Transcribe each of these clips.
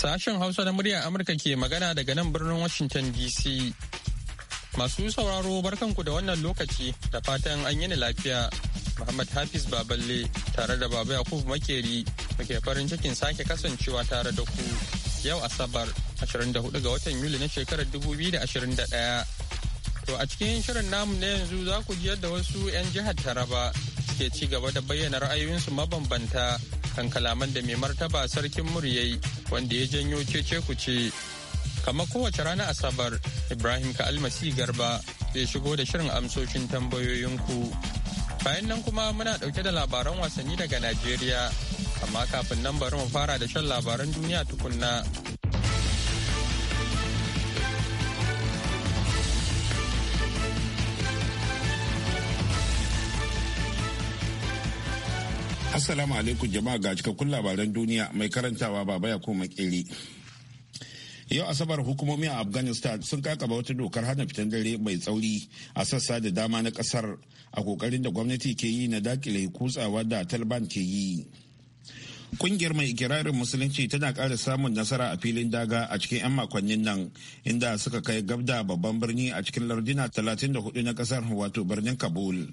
Sashen Hausa na muryar Amurka ke magana daga nan birnin Washington DC. Masu sauraro barkanku da wannan lokaci da fatan an yi lafiya. Muhammad Hafiz Baballe tare da Baba Yakubu Makeri muke farin cikin sake kasancewa tare da ku yau Asabar 24 ga watan Yuli na shekarar 2021. To a cikin shirin namu na yanzu za ku ji yadda wasu 'yan jihar Taraba ke ci gaba da bayyana ra'ayoyinsu mabambanta kan kalaman da mai martaba sarkin muryayi wanda ya janyo cece ce kamar kowace rana asabar ibrahim ka almasi garba zai shigo da shirin amsoshin tambayoyinku bayan nan kuma muna ɗauke da labaran wasanni daga najeriya amma kafin nan bari mu fara da shan labaran duniya tukunna Assalamu alaikum jama'a ga cikakkun labaran duniya mai karantawa baba ya koma makeri. Yau Asabar hukumomi a Afghanistan sun kakaba wata dokar hana fitan dare mai tsauri a sassa da dama na kasar a kokarin da gwamnati ke yi na dakile kutsawa da Taliban ke yi. Kungiyar mai ikirarin musulunci tana ƙara samun nasara a filin daga a cikin 'yan makonnin nan inda suka kai gabda babban birni a cikin lardina 34 na kasar wato birnin Kabul.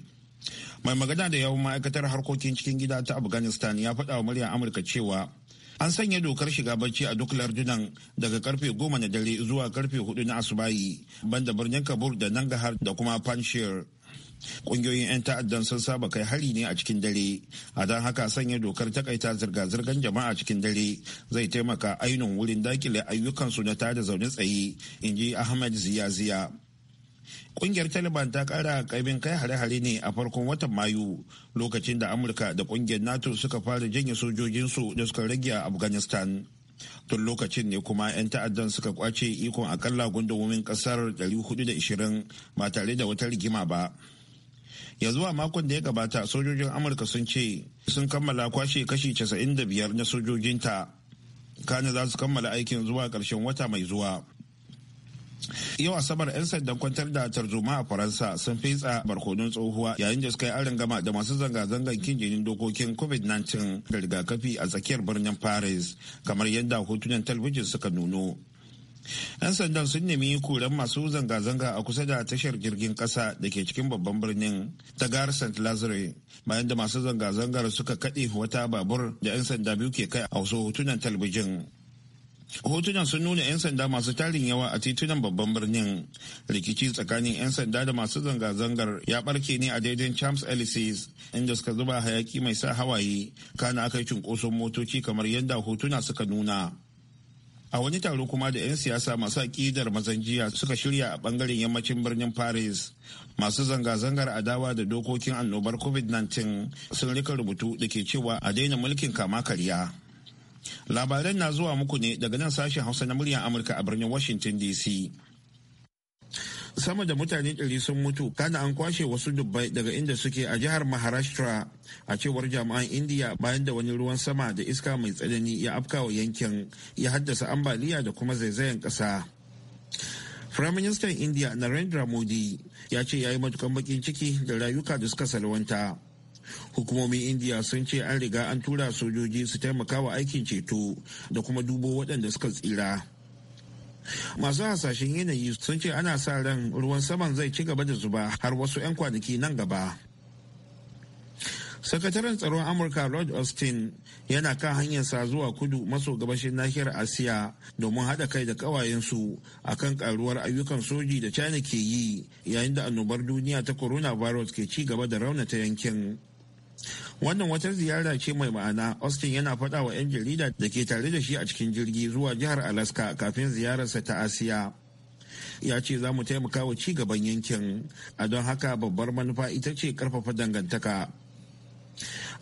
mai magana da yawon ma'aikatar harkokin cikin gida ta afghanistan ya faɗa wa muryar amurka cewa an sanya dokar shiga bacci a duk lardunan daga karfe goma na dare zuwa karfe hudu na asubahi banda birnin kabul da nangahar da kuma panshir kungiyoyin 'yan ta'addan sun saba kai hari ne a cikin dare a don haka sanya dokar takaita zirga-zirgar jama'a cikin dare zai taimaka ainihin wurin dakile ayyukansu na tada zaune tsaye in ji ahmed ziya ziya Kungiyar Taliban ta kara kaibin kai hare-hare ne a farkon watan Mayu lokacin da Amurka da kungiyar NATO suka fara janye sojojinsu da suka rage a Afghanistan. Tun lokacin ne kuma 'yan ta'addan suka kwace ikon akalla gundumomin kasar 420 ba tare da wata rigima ba. yanzu a makon da ya gabata sojojin amurka sun ce sun kammala kwashe kashi 95 na sojojinta kana za su kammala aikin zuwa karshen wata mai zuwa Yau Asabar 'yan sandan kwantar da tarzoma a Faransa sun fitsa barkonon tsohuwa yayin da suka yi arin gama da masu zanga-zangar kin jinin dokokin COVID-19 da rigakafi a tsakiyar birnin Paris kamar yadda hotunan talbijin suka nuno. 'Yan sandan sun nemi koren masu zanga-zanga a kusa da tashar jirgin kasa da ke cikin babban birnin ta gar St. Lazare bayan da masu zanga-zangar suka kaɗe wata babur da 'yan sanda biyu ke kai a wasu hotunan talbijin hotunan sun nuna 'yan sanda masu tarin yawa a titunan babban birnin rikici tsakanin 'yan sanda da masu zanga-zangar ya barke ne a daidai champs elysees inda suka zuba hayaki mai sa hawaye kana aka yi cunkoson motoci kamar yadda hotuna suka nuna a wani taro kuma da 'yan siyasa masu aƙidar mazan jiya suka shirya a bangaren yammacin birnin paris masu zanga-zangar adawa da dokokin annobar covid-19 sun rika rubutu da ke cewa a daina mulkin kama karya Labaran na zuwa muku ne daga nan sashen Hausa na muryar Amurka a birnin Washington DC. Sama da mutane ɗari sun mutu, kana an kwashe wasu dubbai daga inda suke a jihar Maharashtra a cewar jami'an Indiya bayan da wani ruwan sama da iska mai tsanani ya wa yankin ya haddasa ambaliya da kuma zaizayen ƙasa. Firaministan india Narendra Modi ya ce ya yi matukan bakin ciki da rayuka da suka salwanta. hukumomin indiya sun ce an riga an tura sojoji su taimaka wa aikin ceto da kuma dubo waɗanda suka tsira masu hasashen yanayi sun ce ana sa ran ruwan saman zai ci gaba da zuba har wasu 'yan kwanaki nan gaba sakataren tsaron amurka lord austin yana kan hanyar sa zuwa kudu maso gabashin nahiyar asiya domin hada kai da ƙawayensu a kan karuwar ayyukan soji da china ke yi yayin da annobar duniya ta coronavirus ke ci gaba da raunata yankin wannan wata ziyara ce mai ma'ana austin yana faɗa wa 'yan jarida da ke tare da shi a cikin jirgi zuwa jihar alaska kafin ziyararsa ta asiya ya ce za mu taimaka wa ci gaban yankin a don haka babbar manufa ita ce karfafa dangantaka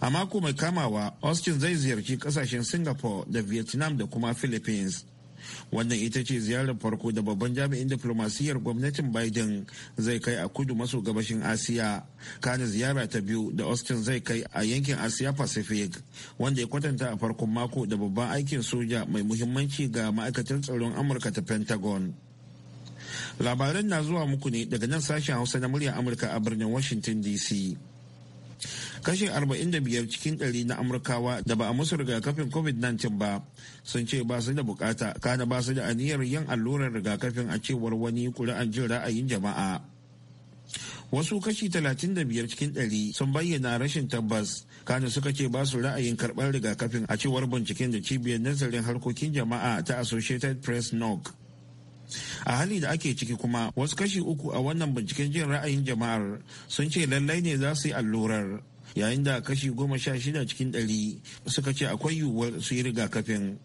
a mako mai kamawa austin zai ziyarci kasashen singapore da vietnam da kuma philippines wannan ita ce ziyarar farko da babban jami'in diplomasiyyar gwamnatin biden zai kai a kudu maso gabashin asiya kana ziyara ta biyu da austin zai kai a yankin asiya pacific wanda ya kwatanta a farkon mako da babban aikin soja mai muhimmanci ga ma'aikatan tsaron amurka ta pentagon labaran na zuwa muku ne daga nan sashen hausa na muryar amurka a birnin washington dc kashi 45 cikin ɗari na amurkawa da ba a musu rigakafin covid-19 ba sun ce ba su da bukata kana ba su da aniyar yin allurar rigakafin a cewar wani kuri'an jin ra'ayin jama'a wasu kashi 35 cikin ɗari sun bayyana rashin tabbas kana suka ce ba su ra'ayin karɓar rigakafin a cewar binciken da cibiyar nazarin harkokin jama'a ta associated press noc a hali da ake ciki kuma wasu kashi uku a wannan binciken jin ra'ayin jama'ar sun ce lallai ne za su yi allurar yayin da kashi goma sha shida cikin ɗari suka ce akwai yiwuwar su yi rigakafin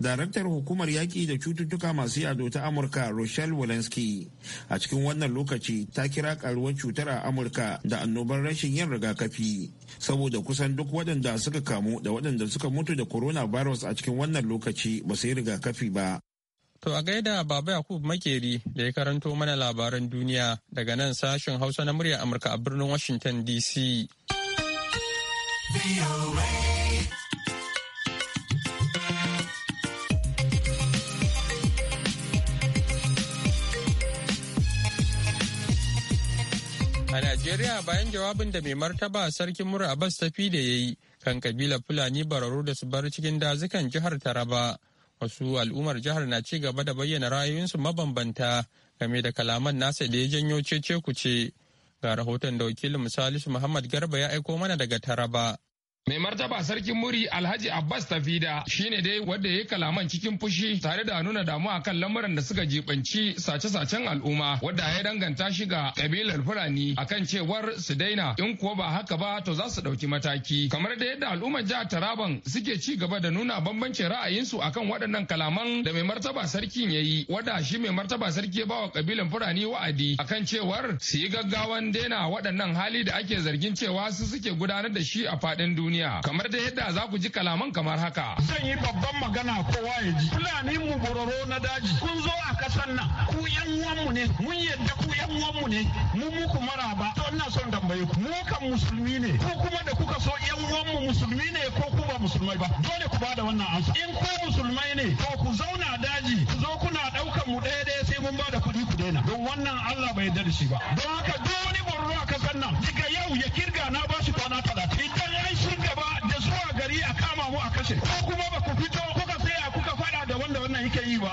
daraktar hukumar yaƙi da cututtuka masu yado ta amurka rochelle walensky a cikin wannan lokaci ta kira karuwar cutar a amurka da annobar rashin yin rigakafi saboda kusan duk waɗanda suka kamu da waɗanda suka mutu da coronavirus a cikin wannan lokaci ba su yi rigakafi ba To a gaida Baba Yakubu Makeri da ya karanto mana labaran duniya daga nan sashen Hausa na muryar Amurka a birnin Washington DC. A Najeriya bayan jawabin da mai martaba sarkin mura Abbas tafi da ya yi kan kabila Fulani bararu da su bar cikin dazukan jihar Taraba. wasu al'ummar jihar na ci gaba da bayyana ra'ayoyinsu mabambanta game da kalaman nasa da ya janyo cece kuce ga rahoton da wakilin misalisu muhammad garba ya aiko mana daga taraba Mai martaba sarkin muri Alhaji Abbas Tafida shine dai wanda ya kalaman cikin fushi tare da nuna damuwa kan lamuran da suka jibanci sace-sacen al'umma wadda ya danganta shi ga kabilar Fulani akan cewar su daina in kuwa ba haka ba to za su dauki mataki. Kamar da yadda al'ummar jihar Taraban suke ci gaba da nuna bambancin ra'ayinsu akan waɗannan kalaman da mai martaba sarkin ya yi wadda shi mai martaba sarki ya bawa kabilan Fulani wa'adi akan cewar su yi gaggawan daina waɗannan hali da ake zargin cewa su suke gudanar da shi a faɗin duniya. duniya kamar da yadda za ku ji kalaman kamar haka. Zan yi babban magana kowa ya ji. Fulani mu bororo na daji kun zo a kasan nan ku yan uwanmu ne mun yadda ku yan uwanmu ne mu muku ba. to ina son tambaye ku mu kan musulmi ne ko kuma da kuka so yan uwanmu musulmi ne ko ku ba musulmai ba dole ku bada wannan amsa in ku musulmai ne to ku zauna daji ku zo kuna dukkan mu ɗaya ɗaya sai mun ba da kuɗi ku daina don wannan Allah bai yarda da shi ba don haka duk wani borno a san nan daga yau ya kirga na ba shi kwana talatin idan ya yi shi gaba da zuwa gari a kama mu a kashe ko kuma ba ku fito kuka tsaya kuka faɗa da wanda wannan yake yi ba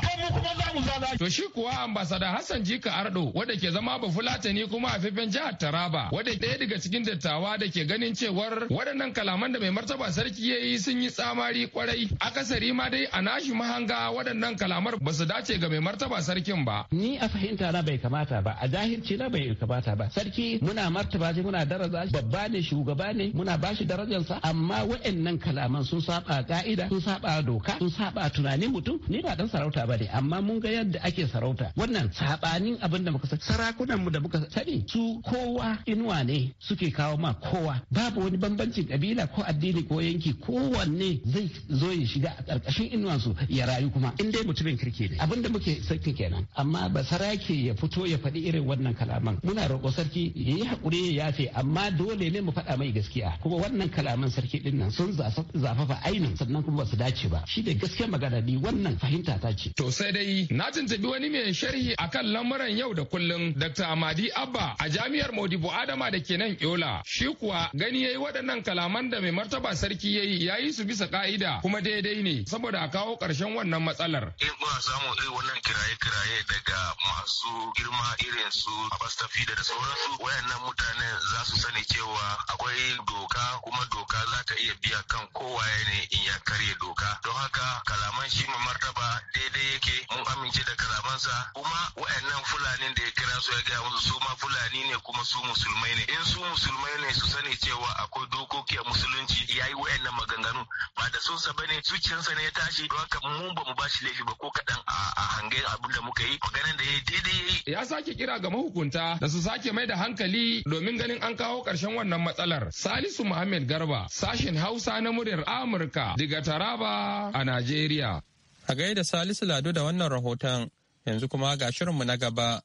kuma za mu zaga. To shi kuwa ambasada Hassan Jika Ardo wanda ke zama ba bafulatani kuma a fifin jihar Taraba wanda ɗaya daga cikin dattawa da ke ganin cewar waɗannan kalaman da mai martaba sarki ya yi sun yi tsamari kwarai akasari ma dai a nashi mahanga waɗannan kalamar ba su dace ga mai martaba sarkin ba. Ni a fahimta na bai kamata ba a jahilci na bai kamata ba sarki muna martaba shi muna daraja shi babba ne shugaba ne muna bashi darajarsa amma waɗannan kalaman sun saba ka'ida sun saba doka sun saba tunanin mutum ni ba dan sarauta ba ne amma mun ga yadda ake sarauta wannan sabanin abin da muka sani sarakunan mu da muka sani su kowa inuwa ne suke kawo ma kowa babu wani bambancin kabila ko addini ko yanki kowanne zai zo ya shiga a karkashin su ya rayu kuma in dai mutumin kirki ne abin da muke sarki kenan amma ba sarake ya fito ya faɗi irin wannan kalaman muna roƙo sarki ya yi haƙuri ya yafe amma dole ne mu faɗa mai gaskiya kuma wannan kalaman sarki din nan sun zafafa ainin sannan kuma ba su dace ba shi da gaskiya magana ni wannan fahimta ta ce to sai dai na tuntubi wani mai sharhi akan lamuran yau da kullum Dr. Amadi Abba a jami'ar Modibo Adama da ke nan Yola. Shi kuwa gani yayi waɗannan kalaman da mai martaba sarki yayi yayi su bisa ka'ida kuma daidai ne saboda a kawo ƙarshen wannan matsalar. Eh ba samu irin wannan kiraye-kiraye daga masu girma irin su Abastafida da sauransu wayannan mutane za su sani cewa akwai doka kuma doka za ta iya biya kan kowaye ne in ya karya doka. Don haka kalaman shi martaba daidai yake mun amince da sa kuma wa'annan fulani da ya kira su ya gaya musu su ma fulani ne kuma su musulmai ne in su musulmai ne su sani cewa akwai dokoki a musulunci ya yi wa'annan maganganu ba da sun sa bane zuciyarsa ne ya tashi don haka mu ba mu bashi laifi ba ko kaɗan a hangen abin da muka yi maganan da ya yi daidai ya sake kira ga mahukunta da su sake mai da hankali domin ganin an kawo karshen wannan matsalar salisu muhammad garba sashen hausa na muryar amurka daga taraba a najeriya A gaida Salisu Lado da wannan rahoton yanzu kuma ga shirinmu na gaba.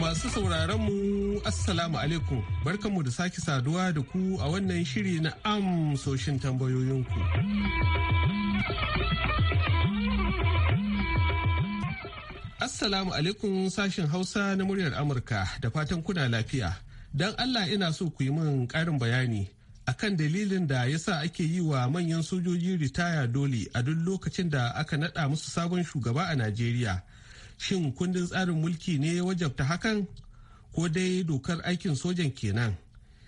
Masu sauraron mu Assalamu alaikum barkanmu da sake saduwa da ku a wannan shiri na amsoshin tambayoyinku. Assalamu alaikum sashen Hausa na muryar Amurka da fatan kuna lafiya. Don Allah ina so ku yi min ƙarin bayani akan dalilin da ya sa ake yi wa manyan sojoji ritaya dole a duk lokacin da aka naɗa musu sabon shugaba a Najeriya. Shin kundin tsarin mulki ne wajabta hakan? Ko dai dokar aikin sojan kenan?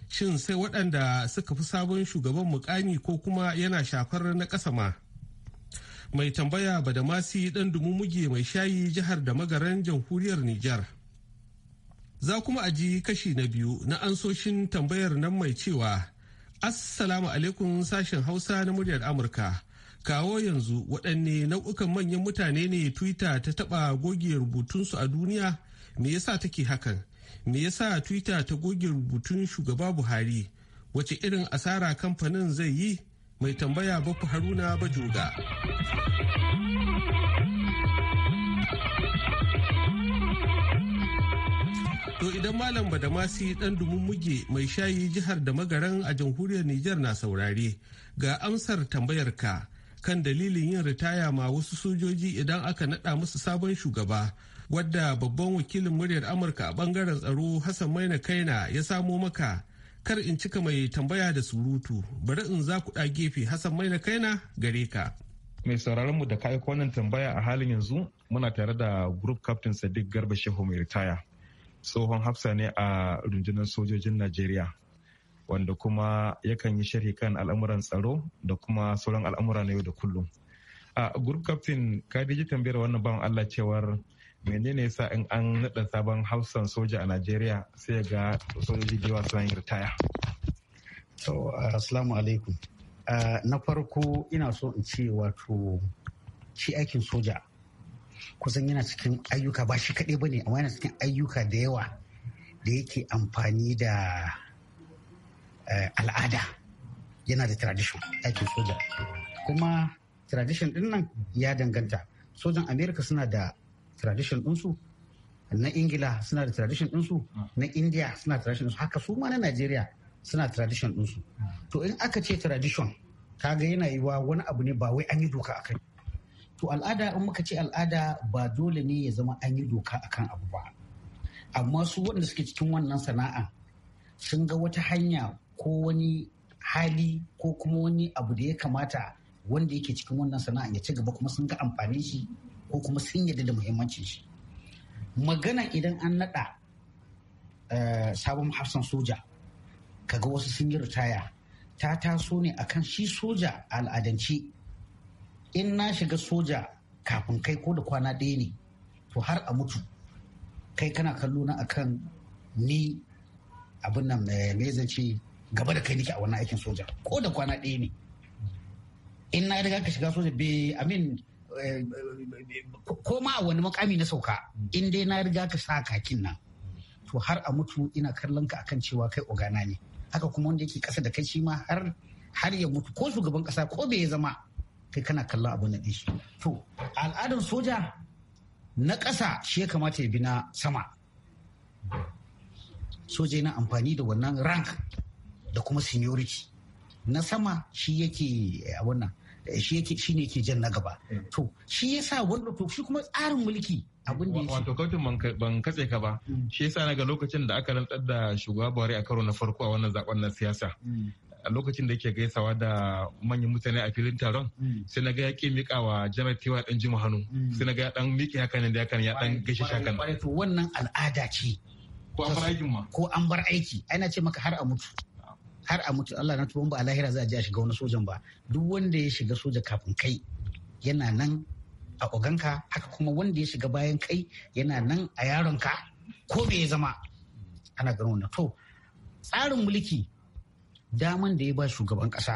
Shin sai waɗanda suka fi sabon shugaban mukami ko kuma yana shafar na ƙasa ma? mai tambaya badamasi dan dumumuge mai shayi jihar da magaran jamhuriyar Nijar. Za kuma aji kashi na biyu na ansoshin tambayar nan mai cewa Assalamu alaikum sashen Hausa na muryar Amurka. Kawo yanzu waɗanne nau'ukan manyan mutane ne Twitter ta taɓa goge rubutunsu a duniya? Me yasa take hakan? Me yasa Twitter ta goge rubutun shugaba Buhari? Wace irin asara kamfanin zai yi? mai tambaya bafu haruna bajoga To idan Malam Badamasi ɗan dumin muge mai shayi jihar da magaran a jamhuriyar Nijar na saurare ga amsar tambayarka kan dalilin yin ritaya ma wasu sojoji idan aka naɗa musu sabon shugaba wadda babban wakilin muryar Amurka a bangaren tsaro Hassan Maina Kaina ya samo maka kar in cika mai tambaya da surutu bari in za ku gefe hassan mai na kai na gare ka mai sauraron mu da ka aiko wannan tambaya a halin yanzu muna tare da group captain sadiq garba shehu mai ritaya tsohon hafsa ne a rundunar sojojin najeriya wanda kuma yakan yi sharhi kan al'amuran tsaro da kuma sauran al'amura na yau da kullum a group captain ka ji tambayar wannan bawan allah cewar menene yasa in an naɗa sabon hausan soja a najeriya sai ga sojoji da yawa suna yin ritaya to uh, assalamu alaikum uh, na farko ina so in ce wato shi aikin soja kusan yana cikin ayyuka ba shi kaɗai ba ne amma yana cikin ayyuka da yawa da yake amfani da uh, al'ada yana da tradition aikin soja kuma tradition din nan ya danganta sojan america suna da tradition ɗinsu na ingila suna da tradition ɗinsu na india suna da tradition ɗinsu haka su ma na najeriya suna tradition ɗinsu to in aka ce tradition kaga yana yiwa wani abu ne ba wai an yi doka akai to al'ada in muka ce al'ada ba dole ne ya zama an yi doka akan abu ba amma su wanda suke cikin wannan sana'a sun ga wata hanya ko wani hali ko kuma wani abu da ya kamata wanda yake cikin wannan sana'a ya ci gaba kuma sun ga amfani shi ko kuma sun yarda da muhimmancin shi magana idan an naɗa eh, sabon hafsan soja kaga wasu sun yi ritaya ta taso ne akan shi soja al'adance in na shiga soja kafin kai ko da kwana ɗaya ne to har a mutu kai kana kallo na akan ni abin nan eh, me zance gaba da kai nake a wannan aikin soja ko da kwana ɗaya ne in na riga ka shiga soja be amin ko ma a wani makami na sauka in dai na riga ka sa kakin nan to har a mutu ina kallon ka akan cewa kai ogana ne haka kuma wanda yake kasa da kai shi ma har har ya mutu ko shugaban kasa ko bai zama kai kana kallon abu na shi to al'adar soja na kasa shi ya kamata ya bi na sama soja yana amfani da wannan rank da kuma seniority na sama shi yake eh, a wannan Eh, shi ne ke jan na gaba hmm. to shi ya sa wanda to shi kuma tsarin mulki abin da wato kautin ban katse ka ba hmm. shi ya sa na ga lokacin da aka rantsar da shugaba Buhari a karo na farko a wannan zaben na siyasa hmm. a lokacin da yake gaisawa da manyan mutane a filin taron sai na ga ya ke mika wa janar tewa ɗan jima hannu sai na ga ya ɗan miƙe hakan da hakan ya ɗan gaishe shakan wannan al'ada ce ko an bar aiki ma ko an bar aiki ana ce maka har a mutu har a mutu Allah na tuban ba a lahira za a je a shiga wani sojan ba duk wanda ya shiga soja kafin kai yana nan a oganka haka kuma wanda ya shiga bayan kai yana nan a yaron ka ko me ya zama ana ganin wannan to tsarin mulki daman da ya ba shugaban kasa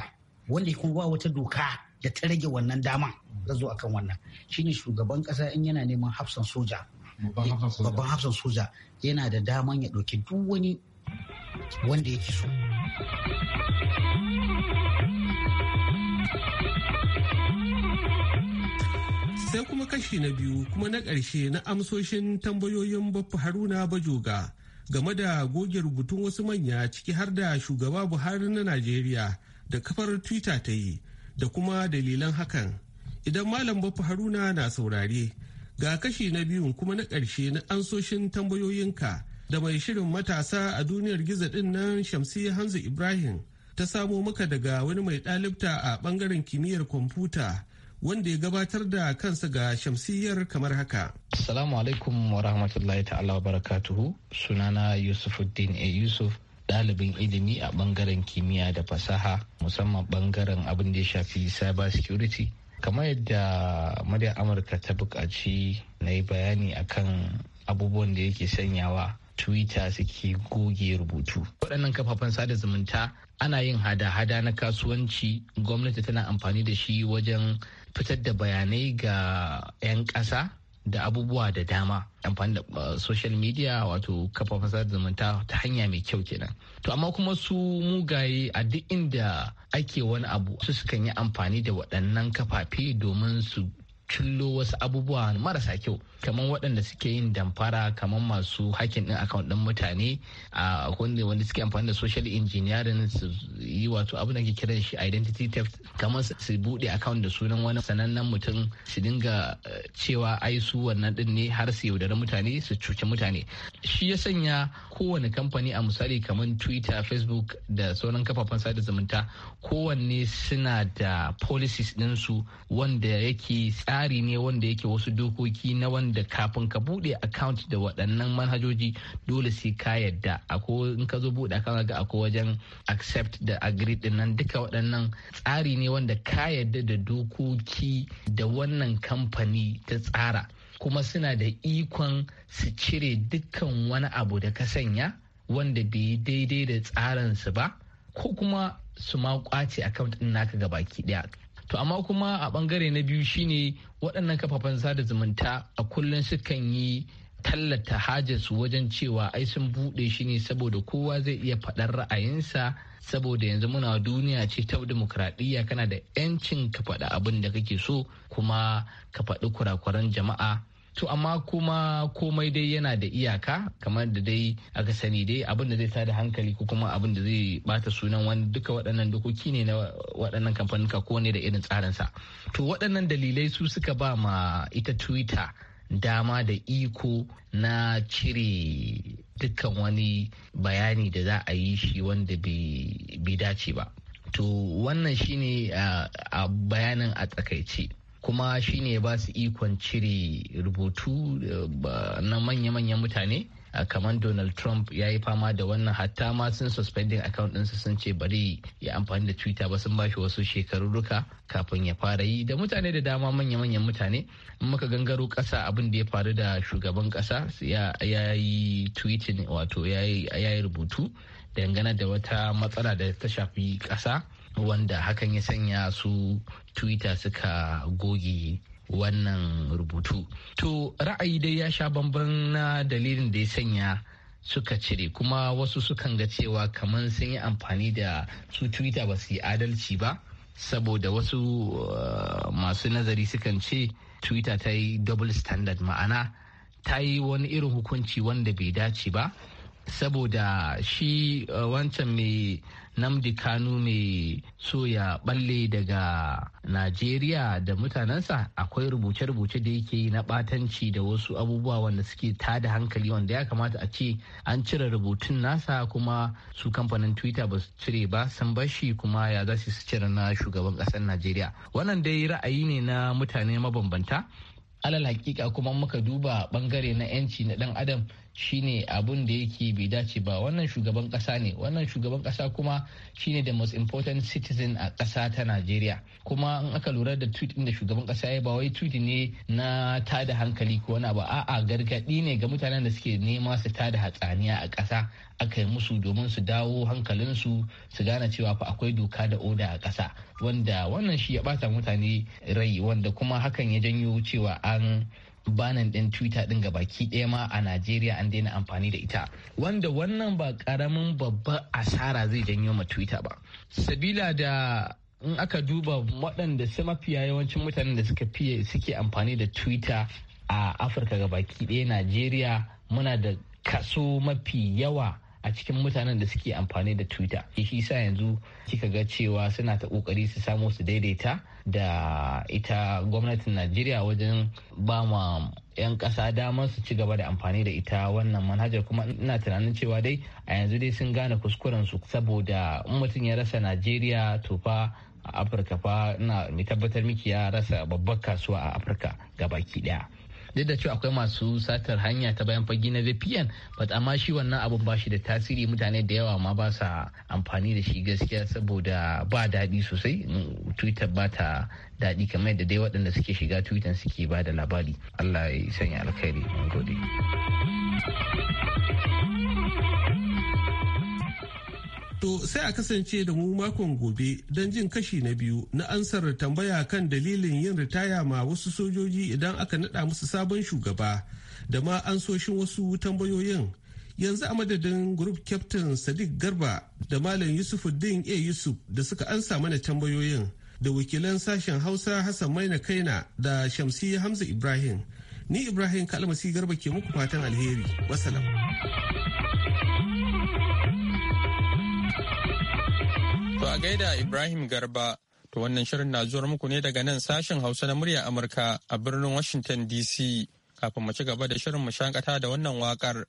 wanda ya kuma ba wata doka da ta rage wannan dama da zo akan wannan shine shugaban kasa in yana neman hafsan soja babban hafsan soja yana da daman ya ɗauki duk wani wanda yake so sai kuma kashi na biyu kuma na ƙarshe na amsoshin tambayoyin baffa haruna bajoga game da goge rubutun wasu manya ciki har da shugaba buhari na najeriya da kafar twitter ta yi da kuma dalilan hakan idan malam baffa haruna na saurare ga kashi na biyun kuma na ƙarshe na amsoshin tambayoyinka da mai shirin matasa a duniyar gizo din nan shamsi hanzu ibrahim ta samo maka daga wani mai ɗalibta a bangaren kimiyyar kwamfuta wanda ya gabatar da kansa ga shamsiyyar kamar haka. Assalamu alaikum wa rahmatullahi ta'ala wa barakatuhu sunana Yusufuddin A. Yusuf ɗalibin ilimi a ɓangaren kimiyya da fasaha musamman ɓangaren abin da ya shafi cyber security. Kamar yadda muryar Amurka ta buƙaci na yi bayani akan abubuwan da yake sanyawa twitter suke goge rubutu waɗannan kafafen sada zumunta ana yin hada-hada na kasuwanci gwamnati tana amfani da shi wajen fitar da bayanai ga 'yan ƙasa da abubuwa da dama amfani da uh, social media wato kafafen sada zumunta ta hanya mai kyau kenan to amma kuma su mugaye a duk inda ake wani abu su sukan yi amfani da waɗannan kafafe domin su cillo wasu abubuwa marasa kyau kamar waɗanda suke yin damfara kamar masu hakin ɗin akawun din mutane a wanda suke amfani da social engineering su yi wato abin da ke kiran shi identity theft kamar su buɗe akawun da sunan wani sanannen mutum su dinga eh, cewa ai su wannan ɗin ne har su yaudari mutane su cuci mutane shi ya sanya kowane kamfani a misali kamar twitter facebook da sauran kafafen sada zumunta kowanne suna da policies ɗinsu wanda yake tsari tsari ne wanda yake wasu dokoki na wanda kafin ka bude account da waɗannan manhajoji dole sai ka yadda akwai in ka zo bude account ga akwai wajen accept da agree din nan duka waɗannan tsari ne wanda ka yadda da dokoki da wannan kamfani ta tsara kuma suna da ikon su cire dukkan wani abu da ka sanya wanda bai daidai da su ba ko kuma su ma kwace account din naka gabaki daya to amma kuma a bangare na biyu shine waɗannan kafafen sada zumunta a kullum sukan yi tallata hajarsu wajen cewa ai sun buɗe shi ne saboda kowa zai iya faɗar ra'ayinsa saboda yanzu muna duniya ce ta dimokuraɗiyya kana da 'yancin ka faɗi abin da kake so kuma ka faɗi kurakuran jama'a to amma kuma komai dai yana da iyaka kamar da dai aka sani dai abin da zai tada hankali ko kuma abin da zai bata sunan wani duka waɗannan dokoki ne na waɗannan kamfaninka ko ne da irin tsarinsa to waɗannan dalilai su suka ba ma ita twitter dama da iko na cire dukkan wani bayani da za a yi shi wanda bai dace ba to wannan shine ah, a bayanin a takaice kuma shi ne ba su ikon cire rubutu eh, na manya-manyan mutane ah, kamar donald trump ya yi fama da wannan hatta ma sun suspending account ɗinsa sun ce bari ya amfani da twitter ba sun bashi wasu shekaru duka. kafin ya fara yi da mutane da dama manya-manyan mutane in muka gangaro kasa abin da ya faru da shugaban ƙasa ya yi tweeting wato ya yi rubutu dangane da wata matsala da ta shafi ƙasa wanda hakan ya sanya su twitter suka goge wannan rubutu to ra'ayi dai ya sha bamban na dalilin da ya sanya suka cire kuma wasu sukan ga cewa kamar sun yi amfani da su twitter ba su yi adalci ba saboda wasu eh, masu nazari sukan ce twitter ta yi double standard ma'ana ta yi wani irin hukunci wanda bai dace ba saboda shi eh, wancan mai namdi kanu mai so ya balle daga najeriya da mutanensa akwai rubuce-rubuce da yake yi na batanci da wasu abubuwa wanda suke tada hankali wanda ya kamata a ce an cire rubutun nasa kuma su kamfanin twitter ba su cire ba San bashi kuma ya za su cire na shugaban kasar najeriya wannan dai ra'ayi ne na mutane mabambanta alal hakika kuma muka duba bangare na 'yanci na ɗan adam shine abun da yake bai dace ba wannan shugaban kasa ne wannan shugaban kasa kuma shine the most important citizen a kasa ta Najeriya kuma in aka lura da tweet da shugaban kasa ya ba wai tweet ne na tada hankali ko wani ba a'a gargadi ne ga mutanen da suke nema su tada hatsaniya a kasa aka yi musu domin su dawo hankalinsu su gane cewa fa akwai doka da oda a kasa wanda wannan shi ya bata mutane rai wanda kuma hakan ya janyo cewa an banan din twitter din ga gabaki daya ma a najeriya an daina amfani da ita wanda wannan ba karamin babban asara zai janyo ma twitter ba sabila da in aka duba waɗanda su mafiya yawancin mutanen da suka fiye suke amfani da twitter a afirka gabaki daya najeriya muna da kaso mafi yawa a cikin mutanen da suke amfani da twitter shi sa yanzu kika ga cewa suna ta kokari su samu su daidaita da ita gwamnatin najeriya wajen ba ma 'yan ƙasa damar su ci gaba da amfani da ita wannan manhajar kuma ina tunanin cewa dai a yanzu dai sun gane kuskurensu saboda in mutum ya rasa najeriya to fa a afirka fa ina mai tabbatar miki ya rasa babbar kasuwa a afirka ga baki daya duk da cewa akwai masu satar hanya ta bayan fage na VPN ba amma shi wannan abun ba shi da tasiri mutane da yawa ma ba sa amfani da shi gaskiya saboda ba daɗi sosai mm, Twitter ba ta daɗi kamar da dai waɗanda suke shiga Twitter suke ba da labari Allah ya sanya alkhairi gode. To sai a kasance da mu makon gobe don jin kashi na biyu na ansar tambaya kan dalilin yin ritaya ma wasu sojoji idan aka naɗa musu sabon shugaba da ma an ansoshin wasu tambayoyin. Yanzu a madadin Group Captain Sadiq Garba da Malam din A. Yusuf da suka ansa mana tambayoyin da wakilan sashen Hausa Hassan Maina Kaina da Shamsi Hamza Ibrahim. Ni Ibrahim Kalmasi Garba ke muku fatan alheri. Wasalam. To a gaida Ibrahim Garba, to wannan shirin na zuwar muku ne daga nan sashen Hausa na murya Amurka a birnin Washington DC. Kafin mu ci gaba da shirin mu shankata da wannan wakar.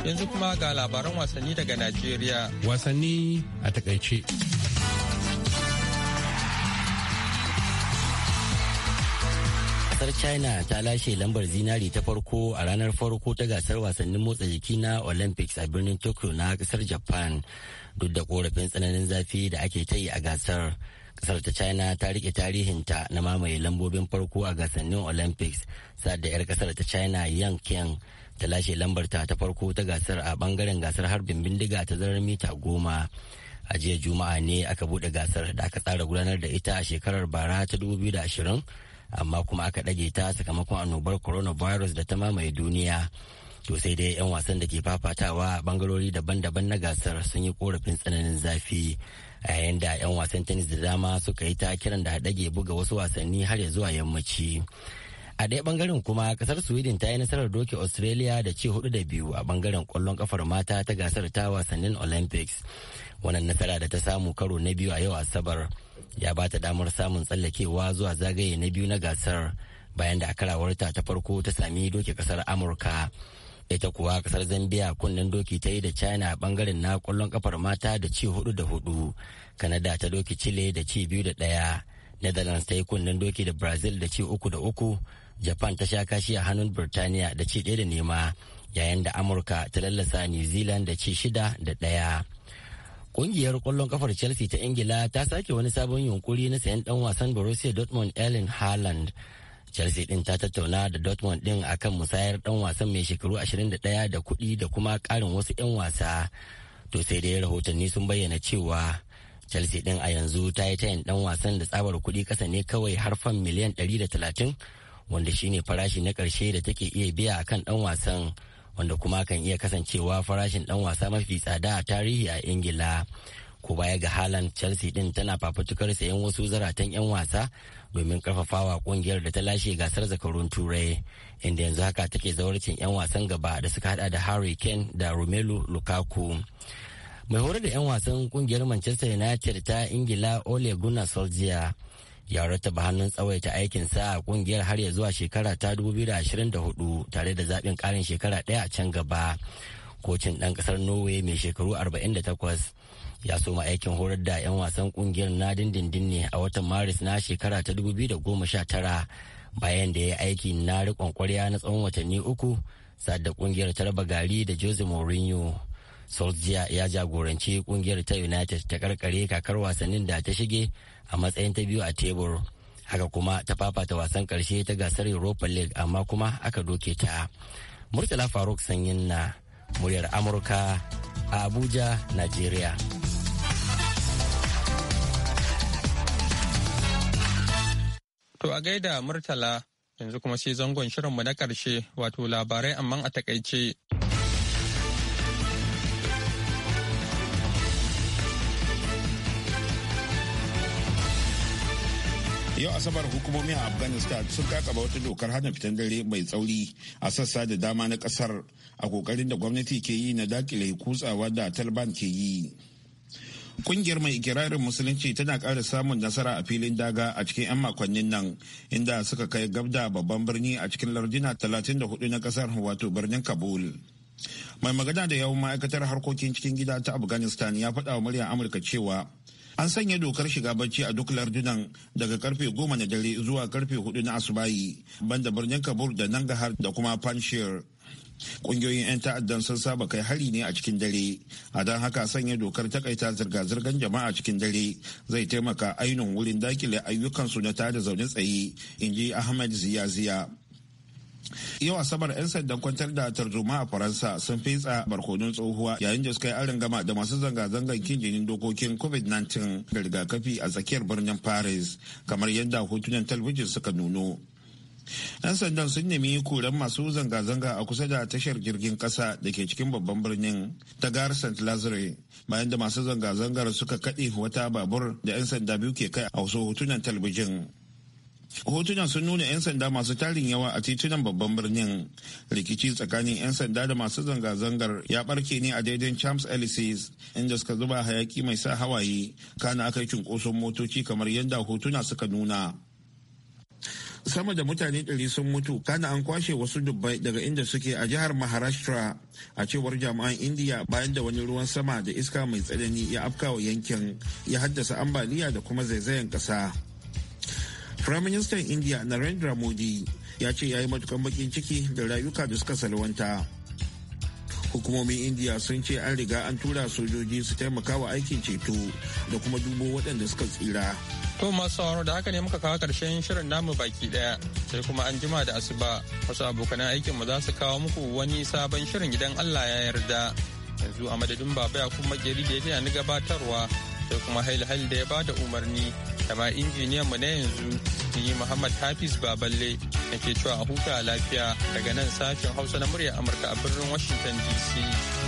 Yanzu kuma ga labaran wasanni daga Najeriya. Wasanni a takaice. Kasar China ta lashe lambar zinari ta farko a ranar farko ta gasar wasannin motsa jiki na Olympics a birnin Tokyo na kasar Japan duk da korafin tsananin zafi da ake ta yi a gasar. kasar ta china ta rike tarihinta na mamaye lambobin farko a gasannin olympics sa'ad da 'yar kasar ta china yang keng ta lashe lambarta ta farko ta gasar a bangaren gasar harbin bindiga ta zarar mita goma a jiya juma'a ne aka bude gasar da aka tsara gudanar da ita a shekarar bara ta 2020 amma kuma aka ɗage ta sakamakon annobar coronavirus da ta mamaye duniya to sai dai 'yan wasan da ke fafatawa a bangarori daban-daban na gasar sun yi korafin tsananin zafi a yayin da 'yan wasan tennis da dama suka yi ta kiran da ɗage buga wasu wasanni har ya zuwa yammaci a ɗaya bangaren kuma kasar sweden ta yi nasarar doke australia da ci hudu da biyu a bangaren kwallon kafar mata ta gasar ta wasannin olympics wannan nasara da ta samu karo na biyu a yau asabar ya ba ta damar samun tsallakewa zuwa zagaye na biyu na gasar bayan da a karawarta ta farko ta sami doke kasar amurka ita kuwa kasar zambia kunnen doki ta yi da china a bangaren na kwallon kafar mata da ci hudu da hudu kanada ta doki chile da ci biyu da daya netherlands ta yi kunnen doki da brazil da ci uku da uku japan ta sha kashi a hannun birtaniya da ci ɗaya da nema yayin da amurka ta lallasa new zealand da ci shida da ɗaya Ƙungiyar kwallon kafar Chelsea ta Ingila ta sake wani sabon yunkuri na sayan ɗan wasan Borussia Dortmund Erling Haaland. Chelsea ɗin ta tattauna da Dortmund din akan musayar ɗan wasan mai shekaru 21 da kuɗi da kuma ƙarin wasu 'yan wasa. To sai dai rahotanni sun bayyana cewa Chelsea din a yanzu ta yi tayin ɗan wasan da tsabar kuɗi ƙasa ne kawai har fan miliyan 130 wanda shine farashi na karshe da take iya biya a kan ɗan wasan wanda kuma kan iya kasancewa farashin ɗan wasa mafi tsada a tarihi a ingila ko baya ga halan chelsea din tana fafutukar sayan wasu zaratan 'yan wasa domin karfafawa kungiyar da ta lashe gasar zakarun turai inda yanzu haka take zawarcin 'yan wasan gaba da suka hada da harry kane da romelu lukaku mai horar da 'yan wasan kungiyar manchester united ta ingila ole gunnar solskjaer ya rattaba hannun tsawaita aikinsa a kungiyar har ya zuwa shekara ta 2024 tare da zaɓin ƙarin shekara ɗaya a can gaba kocin ɗan ƙasar norway mai shekaru 48 ya soma aikin horar da 'yan wasan ƙungiyar na dindindin ne a watan maris na shekara ta 2019 bayan da ya yi aiki na riƙon kwarya na tsawon watanni uku sa'ad da kungiyar ta raba gari da jose mourinho solskjaer ya jagoranci ƙungiyar ta united ta karkare kakar wasannin da ta shige a matsayin ta biyu a tebur haka kuma ta fafata wasan karshe ta gasar europa league amma kuma aka doke ta murtala faruk sanyin na muryar amurka a abuja nigeria to a gaida murtala yanzu kuma sai zangon shirinmu na karshe wato labarai amma a takaice yau asabar hukumomi a afghanistan sun kakaba wata dokar hana fitan dare mai tsauri a sassa da dama na kasar a kokarin da gwamnati ke yi na dakile kutsawa da taliban ke yi kungiyar mai ikirarin musulunci tana kara samun nasara a filin daga a cikin 'yan makonnin nan inda suka kai gabda babban birni a cikin lardina 34 na kasar wato birnin kabul mai magana da yawan ma'aikatar harkokin cikin gida ta afghanistan ya faɗa wa muryar amurka cewa an sanya dokar shiga bacci a duk lardunan daga karfe goma na dare zuwa karfe hudu na asubahi banda birnin kabul da nan nangahar da kuma panshir kungiyoyin 'yan ta'addan sun saba kai hari ne a cikin dare a don haka sanya dokar takaita zirga-zirgar jama'a cikin dare zai taimaka ainihin wurin dakile ayyukansu na tada zaune tsaye in ji ahmed ziya ziya yau asabar 'yan sandan kwantar da tarzoma a faransa sun fetsa barkonon tsohuwa yayin da suka yi arin gama da masu zanga-zangar kin jinin dokokin covid-19 da rigakafi a tsakiyar birnin paris kamar yadda hotunan talbijin suka nuno 'yan sandan sun nemi koren masu zanga-zanga a kusa da tashar jirgin kasa da ke cikin babban birnin ta gar st lazare bayan da masu zanga-zangar suka kaɗe wata babur da 'yan sanda biyu ke kai a wasu hotunan talbijin hotunan sun nuna 'yan sanda masu tarin yawa a titunan babban birnin rikici tsakanin 'yan sanda da masu zanga-zangar ya barke ne a daidai champs elysees inda suka zuba hayaki mai sa hawaye kana aka cunkoson motoci kamar yadda hotuna suka nuna sama da mutane 100 sun mutu kana an kwashe wasu dubbai daga inda suke a jihar maharashtra a cewar jami'an indiya bayan da wani ruwan sama da iska mai tsanani ya afkawa yankin ya haddasa ambaliya da kuma zaizayen ƙasa. Firaministan India Narendra Modi ya ce ya yi matukan bakin ciki da rayuka da suka salwanta. Hukumomin India sun ce an riga an tura sojoji su taimaka wa aikin ceto da kuma dubo waɗanda suka tsira. To masu sauraro da haka ne muka kawo ƙarshen shirin namu baki ɗaya sai kuma an jima da asuba wasu abokan aikin mu za su kawo muku wani sabon shirin idan Allah ya yarda. Yanzu a madadin baba ya kuma makeri da ya ni gabatarwa sai kuma hail hail da ya ba da umarni da ma injiniyan mu na yanzu ni Muhammad Hafiz Baballe nake cewa a huta lafiya daga nan sashen Hausa na murya Amurka a birnin Washington DC.